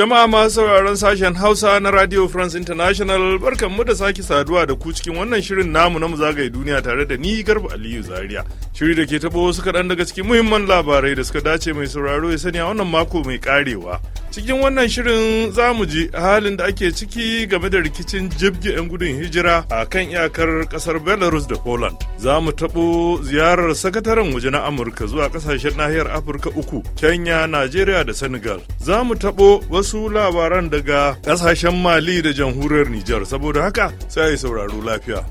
Jama'a masu sauraron sashen Hausa na Radio France International barkanmu da sake saduwa da ku cikin wannan shirin namu na zagaye duniya tare da ni Garba Aliyu Zaria. Shiri da ke tabo wasu kaɗan daga cikin muhimman labarai da suka dace mai sauraro ya sani a wannan mako mai karewa. cikin wannan shirin za mu ji halin da ake ciki game da rikicin jibge 'yan gudun hijira a kan iyakar kasar belarus da poland za mu taɓo ziyarar sakataren waje na amurka zuwa kasashen nahiyar afirka uku kenya najeriya da senegal za mu taɓo wasu labaran daga kasashen mali da jamhuriyar nijar saboda haka sai yi sauraro lafiya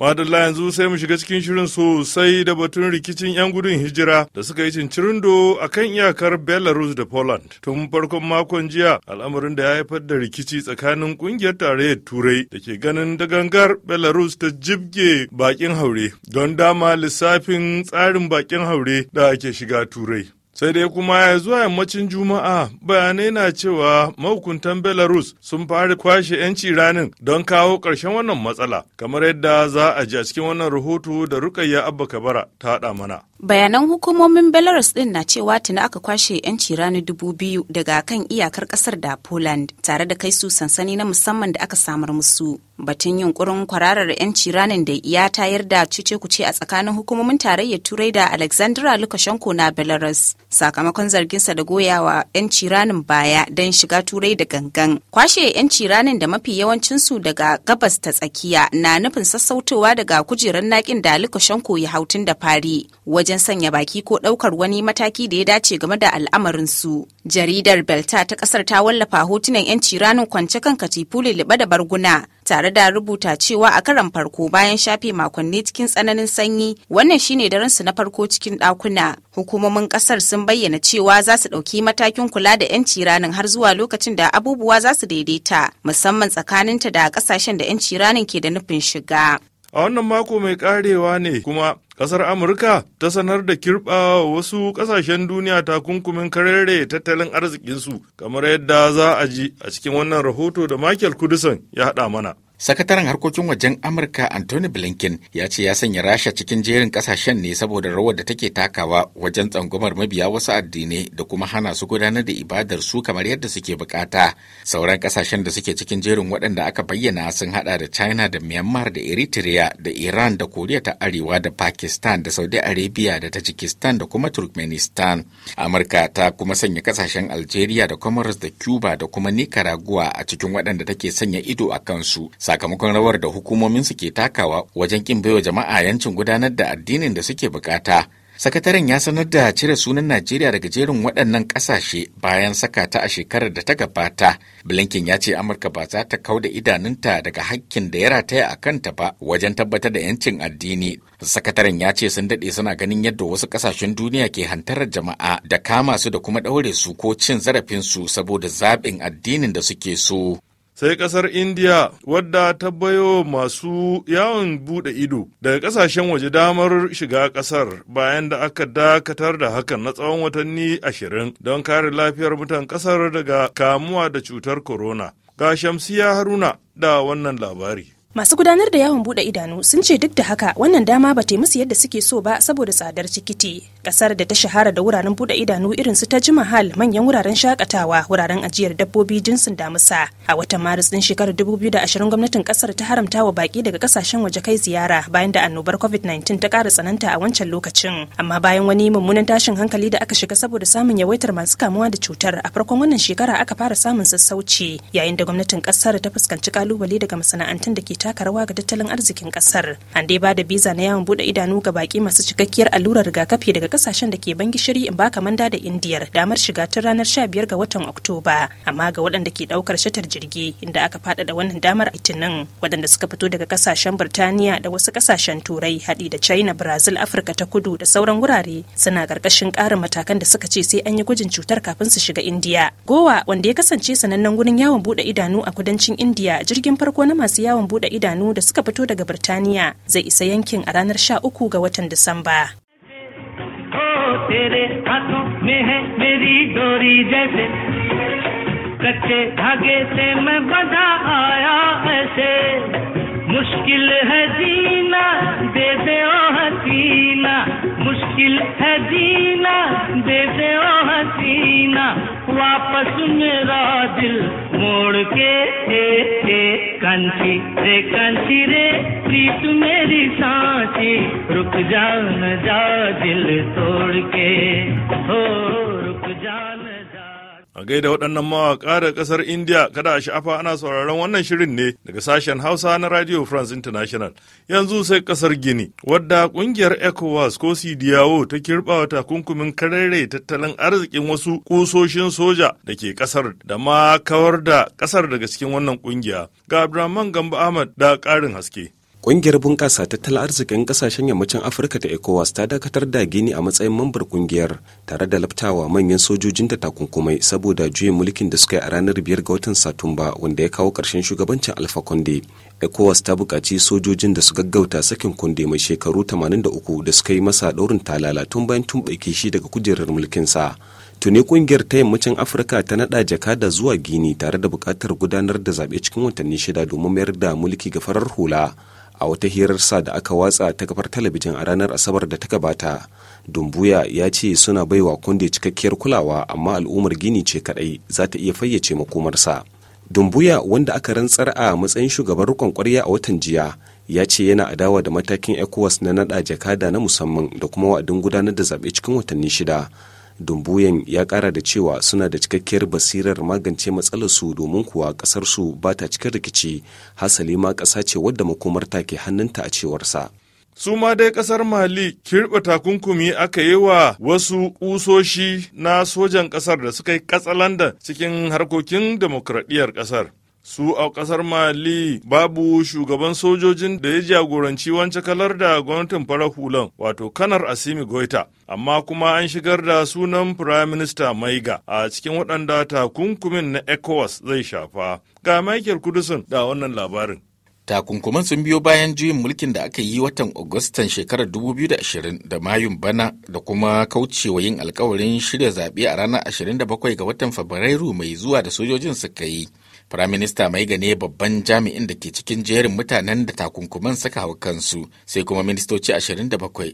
madalla yanzu sai mu shiga cikin shirin sosai da batun rikicin 'yan gudun hijira da suka yi cincirindo a kan iyakar belarus da poland tun farkon makon jiya al'amarin da ya haifar da rikici tsakanin kungiyar tarayyar turai da ke ganin da gangar belarus ta jibge bakin haure don dama lissafin tsarin bakin haure da ake shiga turai sai dai kuma ya zuwa yammacin juma'a bayanai na cewa mahukuntan belarus sun fara kwashe 'yanci ranin don kawo ƙarshen wannan matsala kamar yadda za a ji a cikin wannan rahoto da rukayya abba kabara ta haɗa mana bayanan hukumomin belarus din na cewa tuni aka kwashe 'yanci rani dubu biyu daga kan iyakar kasar da poland tare da kai su sansani na musamman da aka samar musu batun yunkurin kwararar 'yanci ranin da ya tayar da cece kuce a tsakanin hukumomin tarayyar turai da alexandra lukashenko na belarus sakamakon zarginsa da goyawa 'yanci ranin baya don shiga turai da gangan kwashe 'yanci ranin da mafi yawancinsu daga gabas ta tsakiya na nufin sassautowa daga kujerar nakin da lukashenko ya hautun da fari waje wajen sanya baki ko ɗaukar wani mataki da ya dace game da al'amarin su Jaridar Belta ta ƙasar ta wallafa hotunan 'yanci ranar kwance kan katifu liba da barguna tare da rubuta cewa a karan farko bayan shafe makonni cikin tsananin sanyi wannan shine daren su na farko cikin ɗakuna. Hukumomin ƙasar sun bayyana cewa za su ɗauki matakin kula da 'yanci ranar har zuwa lokacin da abubuwa za su daidaita musamman tsakaninta da ƙasashen da 'yanci ranar ke da nufin shiga. A wannan mako mai karewa ne kuma kasar Amurka ta sanar da kirɓa wasu ƙasashen duniya takunkumin karere tattalin arzikinsu kamar yadda za a ji a cikin wannan rahoto da Michael kudison ya haɗa mana. Sakataren harkokin wajen Amurka Anthony Blinken ya ce ya sanya Rasha cikin jerin kasashen ne saboda rawar da take takawa wajen tsangwamar mabiya wasu addinai da kuma hana su gudanar da ibadar su kamar yadda suke bukata. Sauran kasashen da suke cikin jerin waɗanda aka bayyana sun hada da China da Myanmar da Eritrea da Iran da Koriya ta Arewa da Pakistan da Saudi Arabia da Tajikistan da kuma Turkmenistan. Amurka ta kuma sanya kasashen Algeria da Comoros da Cuba da kuma Nicaragua a cikin waɗanda take sanya ido a kansu. sakamakon rawar da hukumominsu ke takawa wajen kin baiwa jama'a yancin gudanar da addinin da suke bukata. Sakataren ya sanar da cire sunan Najeriya daga jerin waɗannan ƙasashe bayan saka ta a shekarar da ta gabata. Blinken ya ce Amurka ba za ta kau da idanunta daga hakkin da ya rataya a kanta ba wajen tabbatar da 'yancin addini. Sakataren ya ce sun daɗe suna ganin yadda wasu ƙasashen duniya ke hantarar jama'a da kama su da kuma ɗaure su ko cin zarafin su saboda zaɓin addinin da suke so. sai kasar india wadda ta bayo masu yawon bude ido daga kasashen waje damar shiga kasar bayan da aka dakatar da hakan na tsawon watanni ashirin don kare lafiyar mutan kasar daga kamuwa da cutar corona ga shamsiya haruna da wannan labari Masu gudanar da yawon bude idanu sun ce duk da haka wannan dama ba ta musu yadda suke so ba saboda tsadar cikiti Kasar da ta shahara da wuraren bude idanu irin su Taj Mahal manyan wuraren shakatawa wuraren ajiyar dabbobi jinsin damusa. A watan Maris din shekarar 2020 gwamnatin kasar ta haramta wa baki daga kasashen waje kai ziyara bayan da annobar COVID-19 ta kara tsananta a wancan lokacin. Amma bayan wani mummunan tashin hankali da aka shiga saboda samun yawaitar masu kamuwa da cutar a farkon wannan shekara aka fara samun sassauci yayin da gwamnatin kasar ta fuskanci kalubale daga masana'antun da ke taka rawa ga tattalin arzikin kasar an dai bada biza na yawon bude idanu ga baki masu cikakkiyar allurar rigakafi daga kasashen da ke bangi shiri in baka manda da indiya damar shiga tun ranar 15 ga watan oktoba amma ga waɗanda ke ɗaukar shatar jirgi inda aka faɗaɗa wannan damar itinin waɗanda suka fito daga kasashen birtaniya da wasu kasashen turai haɗi da china brazil afirka ta kudu da sauran wurare suna ƙarƙashin ƙarin matakan da suka ce sai an yi gwajin cutar kafin su shiga indiya gowa wanda ya kasance sanannen gurin yawon bude idanu a kudancin indiya jirgin farko na masu yawon bude idanu da suka fito daga Birtaniya zai isa yankin a ranar 13 ga watan Disamba. कच्चे धागे से मैं बंधा आया ऐसे मुश्किल है जीना दे दे ओ हसीना मुश्किल है जीना दे दे ओ हसीना वापस मेरा दिल मोड़ के कांची रे कांची रे प्रीत मेरी सांची रुक जाओ न जा दिल तोड़ के हो A gaida waɗannan mawaƙa da ƙasar India kada a sha'afa ana sauraron wannan shirin ne daga sashen Hausa na Radio France International. Yanzu sai ƙasar Gini, wadda ƙungiyar ECOWAS ko CDAO ta kirɓa wa takunkumin karere tattalin arzikin wasu ƙusoshin soja da ke ƙasar da ma kawar da ƙasar daga cikin wannan ƙungiya. Ga Abdulrahman Gambo Ahmad da ƙarin haske. Ƙungiyar bunƙasa tattalin arzikin ƙasashen yammacin Afirka ta ECOWAS ta dakatar da Gini a matsayin mambar ƙungiyar tare da laftawa manyan sojojin ta takunkumai saboda juyin mulkin da suka yi a ranar biyar ga watan Satumba wanda ya kawo ƙarshen shugabancin Alpha Conde. ECOWAS ta buƙaci sojojin da su gaggauta sakin Conde mai shekaru 83 da suka yi masa ɗaurin talala tun bayan tumɓuke shi daga kujerar mulkinsa. tuni ƙungiyar ta yammacin afirka ta nada jakada zuwa gini tare da buƙatar gudanar da zaɓe cikin watanni shida domin mayar da mulki ga farar hula a wata hirar sa da aka watsa ta kafar talabijin a ranar asabar da ta gabata dumbuya ya ce suna baiwa kunde cikakkiyar kulawa amma al'ummar gini ce kadai za ta iya fayyace makomarsa dumbuya wanda aka rantsar a matsayin shugaban rikon kwarya a watan jiya ya ce yana adawa da matakin ecowas na nada jakada na musamman da kuma wa'adin gudanar da zaɓe cikin watanni shida dumbuyan ya kara da cewa suna da cikakkiyar basirar magance matsalarsu domin kuwa kasarsu ba ta cikin rikici hasali ma ƙasa ce wadda makomarta ke hannunta a cewarsa su ma dai kasar mali kirɓa takunkumi aka yi wa wasu ƙusoshi na sojan ƙasar da suka yi katsalandan cikin harkokin demokradiyyar ƙasar su a ƙasar mali babu shugaban sojojin da ya jagoranci wancan kalar da gwamnatin farar hulan wato kanar asimi goita amma kuma an shigar da sunan prime minister maiga a cikin waɗanda takunkumin na ecowas zai shafa ga michael kudusun da wannan labarin takunkuman sun biyo bayan juyin mulkin da aka yi watan agustan shekarar 2020 da mayun bana da kuma kaucewa yin alkawarin shirya zaɓe a ranar 27 ga watan fabrairu mai zuwa da sojojin suka yi Firaminista mai gane babban jami'in da ke cikin jerin mutanen da takunkuman saka hau kansu sai kuma ministoci 27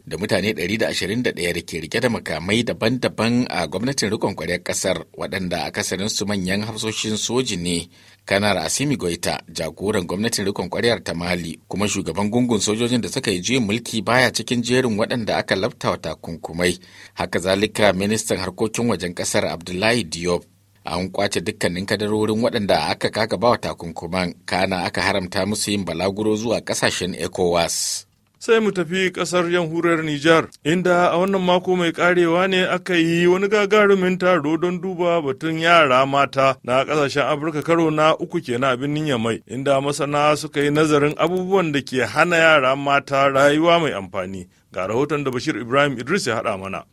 da mutane 121 da ke rike da makamai daban-daban a gwamnatin rikon kwaryar kasar waɗanda akasarin su manyan hafsoshin soji ne. Kanar Asimi Goita jagoran gwamnatin rikon kwaryar ta Mali kuma shugaban gungun sojojin da suka yi juyin mulki baya cikin jerin waɗanda aka labta wa takunkumai. Haka zalika ministan harkokin wajen kasar Abdullahi Diop an kwace dukkanin kadarorin waɗanda aka kaka bawa takunkuman kana aka haramta musu yin balaguro zuwa ƙasashen ecowas sai mu tafi kasar jamhuriyar Nijar, inda a wannan mako mai karewa ne aka yi wani gagarumin taro don duba batun yara mata na kasashen Afirka karo na uku kenan abin birnin yamai inda masana suka yi nazarin abubuwan da ke hana yara mata rayuwa mai amfani. Ga rahoton da Bashir Ibrahim Idris ya haɗa mana.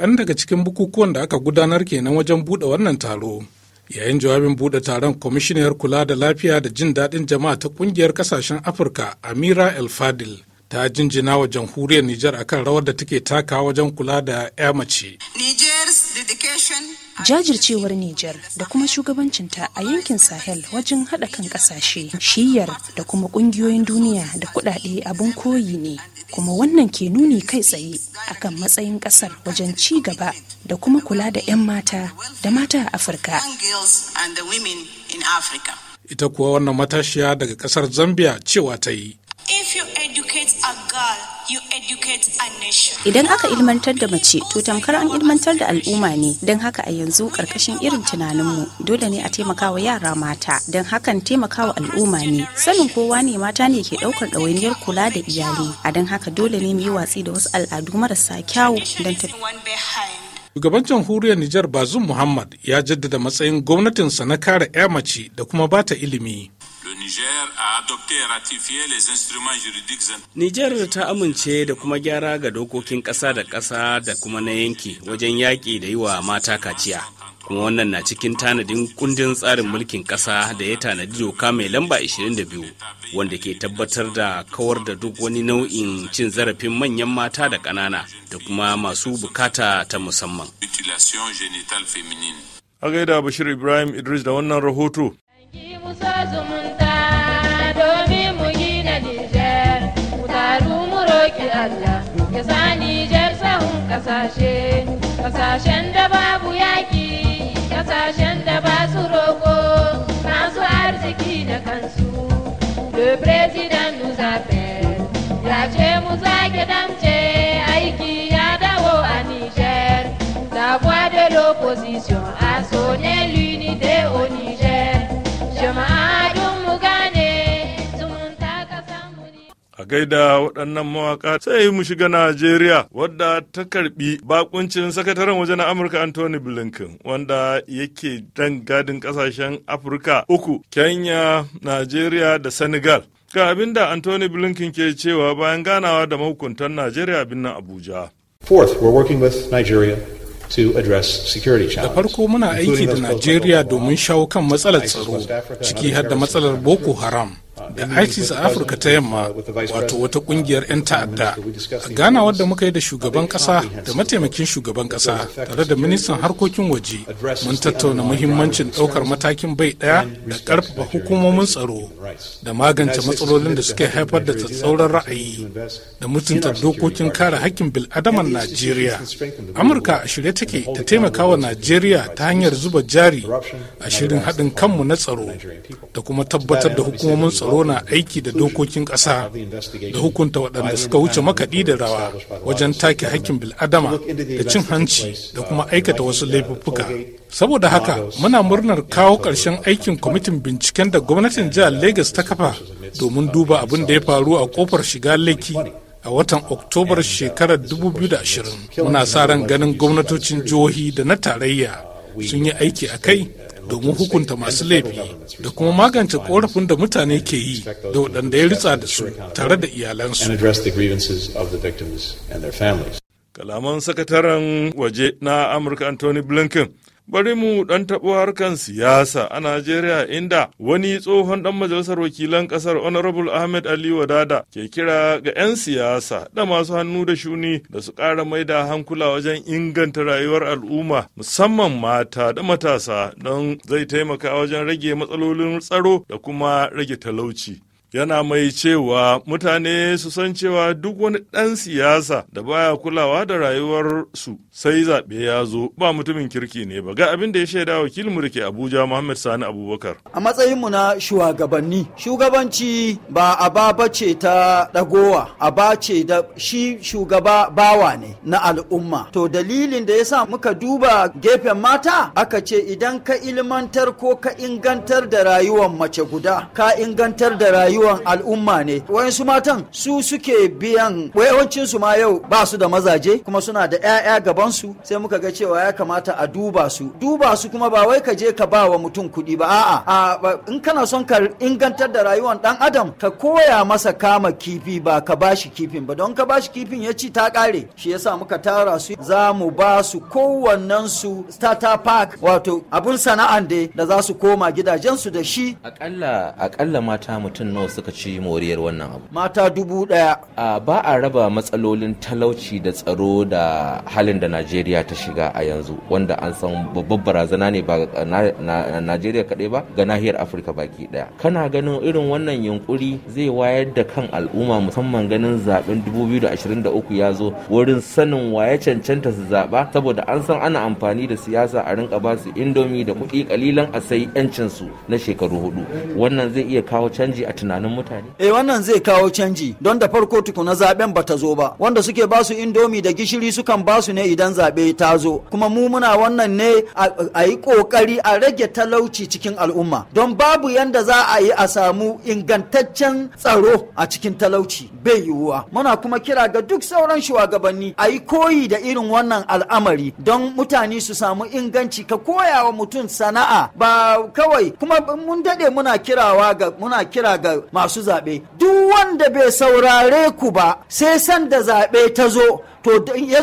kaɗan daga cikin bukukuwan da aka gudanar kenan wajen buɗe wannan taro yayin jawabin buɗe taron kwamishiniyar kula da lafiya da jin daɗin jama'a ta ƙungiyar ƙasashen afirka amira el fadil ta jinjina wa jamhuriyar nijar akan rawar da take takawa wajen kula da 'ya mace ni jajircewar Nijar da kuma shugabancinta a yankin Sahel wajen haɗa kan ƙasashe, shiyar da kuma ƙungiyoyin duniya da kuɗaɗe abun koyi ne, kuma wannan ke nuni kai tsaye akan matsayin ƙasar wajen ci gaba da kuma kula da 'yan mata da mata a Afirka. Ita kuwa wannan matashiya daga ƙasar Zambia cewa ta yi. Idan aka ilmantar da mace to tamkar an ilmantar da al'umma ne don haka a yanzu karkashin irin tunaninmu dole ne a taimakawa yara mata don hakan taimakawa al'umma ne sanin kowa ne mata ne ke daukar ɗawainiyar kula da iyali a don haka dole ne mu yi watsi da wasu al'adu marasa kyawu don ta Shugaban jamhuriyar Nijar Bazum Muhammad ya jaddada matsayin gwamnatinsa na kare 'ya mace da kuma bata ilimi. Niger a adopté et les instruments juridiques. Niger ta amince da kuma gyara ga dokokin ƙasa da ƙasa da kuma na yanki wajen yaki da yi wa mata kaciya. kuma wannan na cikin tanadin kundin tsarin mulkin ƙasa da ya tanadi doka mai lamba 22 wanda ke tabbatar da kawar da duk wani nau'in cin zarafin manyan mata da ƙanana da kuma masu bukata ta musamman. A gaida Bashir Ibrahim Idris da wannan rahoto. Passion, passion. gaida waɗannan mawaka sai yi mu shiga Najeriya wadda ta karbi bakuncin sakataren waje na Amurka Anthony Blinken wanda yake dan gadin kasashen Afirka uku Kenya, Najeriya da Senegal. Ga abin da Anthony Blinken ke cewa bayan ganawa da mahukuntan Najeriya birnin Abuja. Fourth, we're working with Nigeria to address security Da farko muna aiki da Najeriya domin shawo kan matsalar tsaro, ciki har da matsalar Boko Haram. da ISIS a Afirka ta yamma wato wata kungiyar 'yan ta'adda a gana wadda muka yi da shugaban kasa da mataimakin shugaban kasa tare da ministan harkokin waje mun tattauna muhimmancin daukar matakin bai daya da ƙarfafa hukumomin tsaro da magance matsalolin da suke haifar da tsatsauran ra'ayi da mutunta dokokin kare hakkin bil'adaman Najeriya. Amurka a shirye take ta taimaka wa Najeriya ta hanyar zuba jari a shirin haɗin kanmu na tsaro da kuma tabbatar da hukumomin tsaro tsaro na aiki da dokokin ƙasa da hukunta waɗanda suka wuce makaɗi da rawa wajen take hakkin bil'adama da cin hanci da kuma aikata wasu laifuffuka saboda haka muna murnar kawo ƙarshen aikin kwamitin binciken da gwamnatin jihar Legas ta kafa domin duba abin da ya faru a kofar shiga laki a watan oktobar shekarar 2020 muna sa ran ganin gwamnatocin jihohi da na tarayya sun yi aiki a kai domin hukunta masu laifi da kuma magance korafin da mutane ke yi da waɗanda ya ritsa da su tare da iyalansu. Kalaman sakataren waje na Amurka Anthony Blinken Bari mu ɗan taɓo harkan siyasa a Najeriya inda wani tsohon ɗan majalisar wakilan ƙasar Honorable Ahmed Ali Wadada ke kira ga 'yan siyasa da masu hannu da shuni da su ƙara mai da hankula wajen inganta rayuwar al'umma musamman mata da matasa don zai taimaka wajen rage matsalolin tsaro da kuma rage talauci. yana mai cewa mutane su san cewa duk wani ɗan siyasa da baya kulawa da rayuwar su sai zaɓe ya zo ba mutumin kirki ne ba ga abin da ya shaida wakilin mu abuja muhammad sani abubakar a matsayinmu na shugabanni shugabanci ba aba bace ta ɗagowa aba ce da shi shugaba bawa ne na al'umma to dalilin da yasa muka duba gefen mata aka ce idan ka ilmantar ko ka ingantar da rayuwar mace guda ka ingantar da rayuwa. kiwon al'umma ne su matan su suke biyan yawancin su ma yau ba su da mazaje kuma suna da ƴaƴa gaban su sai muka ga cewa ya kamata a duba su duba su kuma ba wai ka je ka ba wa mutum kuɗi ba a'a in kana son ka ingantar da rayuwar ɗan adam ka koya masa kama kifi ba ka bashi kifin ba don ka bashi kifin ya ci ta ƙare shi yasa muka tara su za mu ba su kowannen su starter park wato abun sana'an da za su koma gidajen su da shi aƙalla aƙalla mata mutum nawa suka ci moriyar wannan abu mata dubu daya ba a raba matsalolin talauci da tsaro da halin da najeriya ta shiga a yanzu wanda an san babbar barazana ne ba na najeriya kaɗai ba ga nahiyar afirka baki daya kana ganin irin wannan yunkuri zai wayar da kan al'umma musamman ganin zaben 2023 ya zo wurin sanin waye cancanta su zaɓa saboda an san ana amfani da siyasa a rinka ba su indomi da kuɗi kalilan a sai 'yancinsu na shekaru hudu wannan zai iya kawo canji a tunanin tunanin mutane? Eh wannan zai kawo canji don da farko tukuna zaben bata zo ba wanda suke ba su indomi da gishiri sukan ba su ne idan zabe ta zo kuma mu muna wannan ne a yi kokari a rage talauci cikin al'umma don babu yanda za a yi a samu ingantaccen tsaro a cikin talauci bai yiwuwa muna kuma kira ga duk sauran shugabanni a yi koyi da irin wannan al'amari don mutane su samu inganci ka koya wa mutum sana'a ba kawai kuma mun dade muna kirawa ga muna kira ga masu zaɓe duk wanda bai saurare ku ba sai sanda zaɓe ta zo to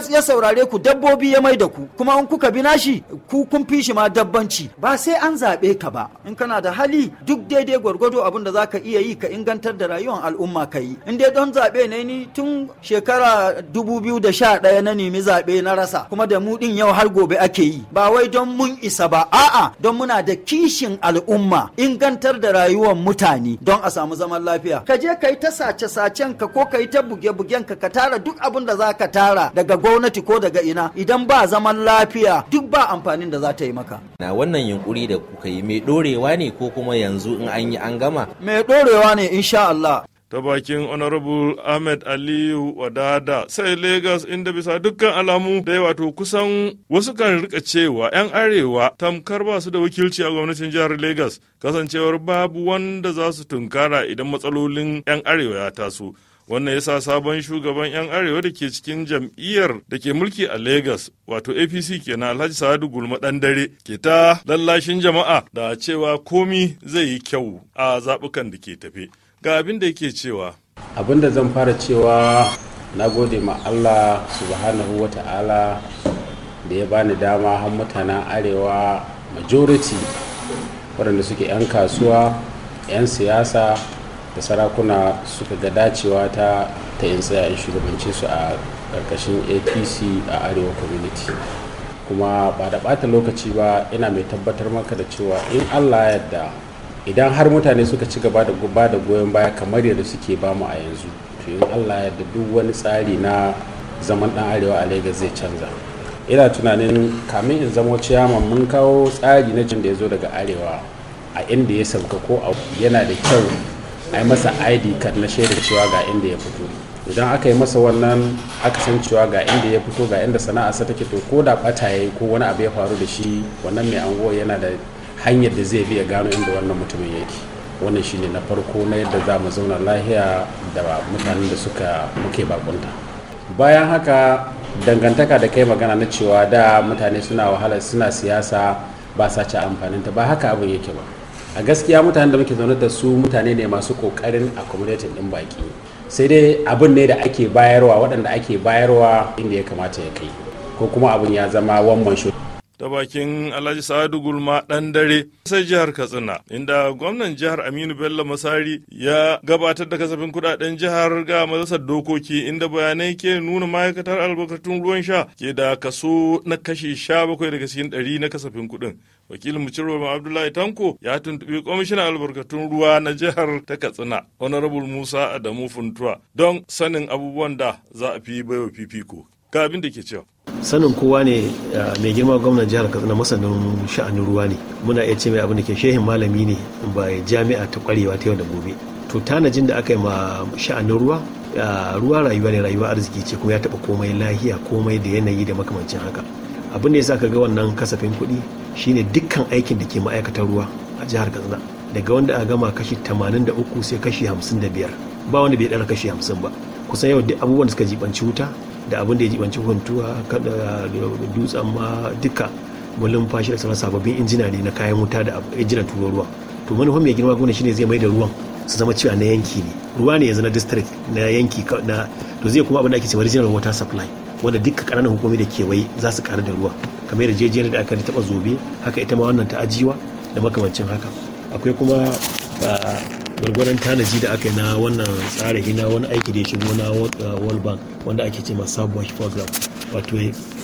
ya saurare ku dabbobi ya mai da ku kuma in kuka bi nashi ku kun fi shi ma dabbanci ba sai an zaɓe ka ba in kana da hali duk daidai gwargwado abin da zaka iya yi ka ingantar da rayuwar al'umma ka yi in dai don zaɓe ne ni tun shekara dubu da sha ɗaya na nemi zaɓe na rasa kuma da mu ɗin yau har gobe ake yi ba wai don mun isa ba a'a don muna da kishin al'umma ingantar da rayuwar mutane don a samu zaman lafiya ka je ka yi ta sace-sacen ka ko ka yi ta buge-bugen ka ka tara duk abin da zaka ka tara asara daga gwamnati ko daga ina idan ba zaman lafiya duk ba amfanin da za ta yi maka na wannan yunkuri da kuka yi mai dorewa ne ko kuma yanzu in an yi an gama mai dorewa ne insha Allah ta bakin honorable ahmed aliyu wadada sai lagos inda bisa dukkan alamu da wato kusan wasu kan rika cewa 'yan arewa tamkar ba su da wakilci a gwamnatin jihar lagos kasancewar babu wanda za su tunkara idan matsalolin 'yan arewa ya taso wannan ya sa sabon shugaban 'yan arewa da ke cikin jam'iyyar da ke mulki a lagos wato apc kenan alhaji sa'adu gulma dan dare ke ta lallashin jama'a da cewa komi zai yi kyau a zaɓukan da ke tafe ga abin da yake cewa abin da zan fara cewa na gode ma allah subhanahu wa ta'ala da ya bani dama har mutanen arewa majority waɗanda suke 'yan kasuwa 'yan siyasa da sarakuna suka ga dacewa ta ta in tsaya in su a karkashin apc a arewa community kuma ba da ɓata lokaci ba ina mai tabbatar maka da cewa in allah yadda idan har mutane suka ci gaba da ba da goyon baya kamar yadda suke ba mu a yanzu to in allah yadda duk wani tsari na zaman dan arewa a lagos zai canza ina tunanin kamin in zamo ciyaman mun kawo tsari na jin da ya zo daga arewa a inda ya sauka ko yana da kyau a yi masa id card na shaidar cewa ga inda ya fito idan aka yi masa wannan aka san cewa ga inda ya fito ga inda sana'arsa take to ko da bata yayi ko wani abu ya faru da shi wannan mai anguwa yana da hanyar da zai biya gano inda wannan mutumin yake wannan shine na farko na yadda za mu zauna lahiya da mutanen da suka muke bakunta bayan haka dangantaka da kai magana na cewa da mutane suna wahala suna siyasa ba sa amfaninta ba haka abin yake ba a gaskiya mutanen da muke zaune da su mutane ne masu kokarin accommodating din baki sai dai abin ne da ake bayarwa waɗanda ake bayarwa inda ya kamata ya kai ko kuma abin ya zama wan man ta bakin Alhaji Sa'adu Gulma dan dare sai jihar Katsina inda gwamnan jihar Aminu Bello Masari ya gabatar da kasafin kudaden jihar ga majalisar dokoki inda bayanai ke nuna ma'aikatar albarkatun ruwan sha ke da kaso na kashi sha bakwai daga cikin ɗari na kasafin kuɗin. Wakilin ma Abdullahi Tanko ya tuntuɓi kwamishinan albarkatun ruwa na jihar ta Katsina, Honorable Musa Adamu Funtuwa, don sanin abubuwan da za a fi baiwa fifiko. Ga abin da ke cewa. sanin kowa ne eh, mai girma gwamnan jihar katsina masanin sha'anin ruwa ne muna iya ce mai abin da ke shehin malami ne ba jami'a ta kwarewa ta yau da gobe to tanajin da aka yi ma sha'anin ruwa eh, ruwa rayuwa ne rayuwa arziki ce kuma ya taɓa komai lahiya komai da yanayi da makamancin haka abin da ya sa ka ga wannan kasafin kuɗi shine dukkan aikin da ke ma'aikatar ruwa a jihar katsina daga wanda a gama kashi 83 sai kashi da biyar ba wanda bai ɗara kashi 50 ba kusan yau duk abubuwan da suka jibanci wuta da abin da ya jibanci huntuwa kada dutsen ma duka mulin fashi da sauran sababbin injina ne na kayan wuta da injinan turo ruwa to manufan mai girma gwamnati shine zai mai da ruwan su zama cewa na yanki ne ruwa ne yanzu na district na yanki na to zai kuma abin da ake cewa regional water supply wanda duka kananan hukumi da kewaye za su karu da ruwa kamar jejiyar da aka taba zobe haka ita ma wannan ta ajiwa da makamancin haka akwai kuma ah, gwargwaron tanaji da aka yi na wannan tsari hina wani aiki da ya shigo na world uh, bank wanda ake ce masu sabuwar program wato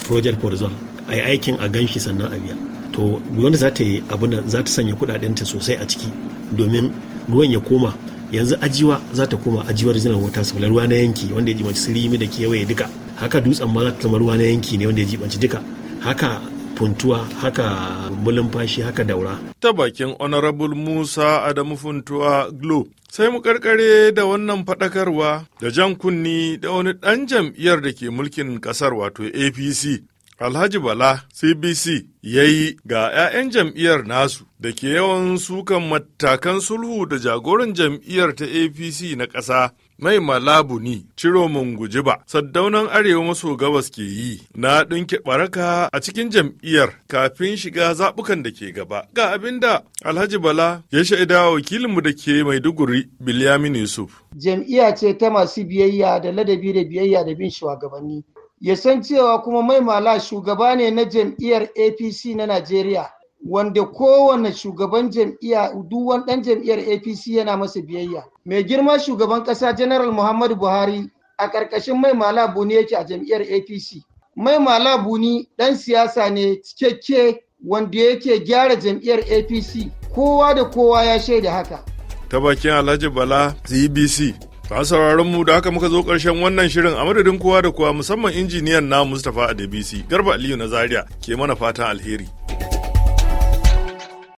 project zone a yi aikin a ganshi sannan a biya to wanda za ta yi da za ta sanya ta sosai a ciki domin ruwan ya koma yanzu ajiwa za ta koma ajiwar zinar wata su ruwa na yanki wanda ya jibanci sirimi da kewaye duka haka dutsen ma za ta zama ruwa na yanki ne wanda ya jibanci duka haka funtuwa haka mulumfashi haka daura. Ta bakin Honorable Musa Adamu Funtuwa Glo. Sai mu karkare da wannan faɗakarwa da jan kunni da wani ɗan jam'iyyar da ke mulkin ƙasar wato APC. Alhaji Bala CBC ya yi ga 'ya'yan jam'iyyar nasu da ke yawan sukan matakan sulhu da jagoran jam'iyyar ta APC na ƙasa mai malabuni ciro guji ba saddaunan arewa maso gabas ke yi na ɗinke baraka a cikin jam'iyyar kafin shiga zaɓukan da ke gaba ga abin da alhaji bala ya shaida mu da ke maiduguri bilyamin yusuf jam'iyya ce ta masu biyayya da ladabi da biyayya da bin shugabanni ya san cewa kuma mai mala shugaba ne na jam'iyyar apc na najeriya wanda kowane shugaban jam'iyya duwan ɗan jam'iyyar apc yana masa biyayya mai girma shugaban ƙasa general muhammadu buhari a ƙarƙashin mai malabu ne yake a jam'iyyar apc mai malabu ni ɗan siyasa ne cikakke wanda yake gyara jam'iyyar apc kowa da kowa ya shaida haka ta bakin alhaji bala cbc e ba sauraron mu da haka muka zo ƙarshen wannan shirin a madadin kowa da kowa musamman injiniyan na mustapha adebisi garba aliyu na zaria ke mana fatan alheri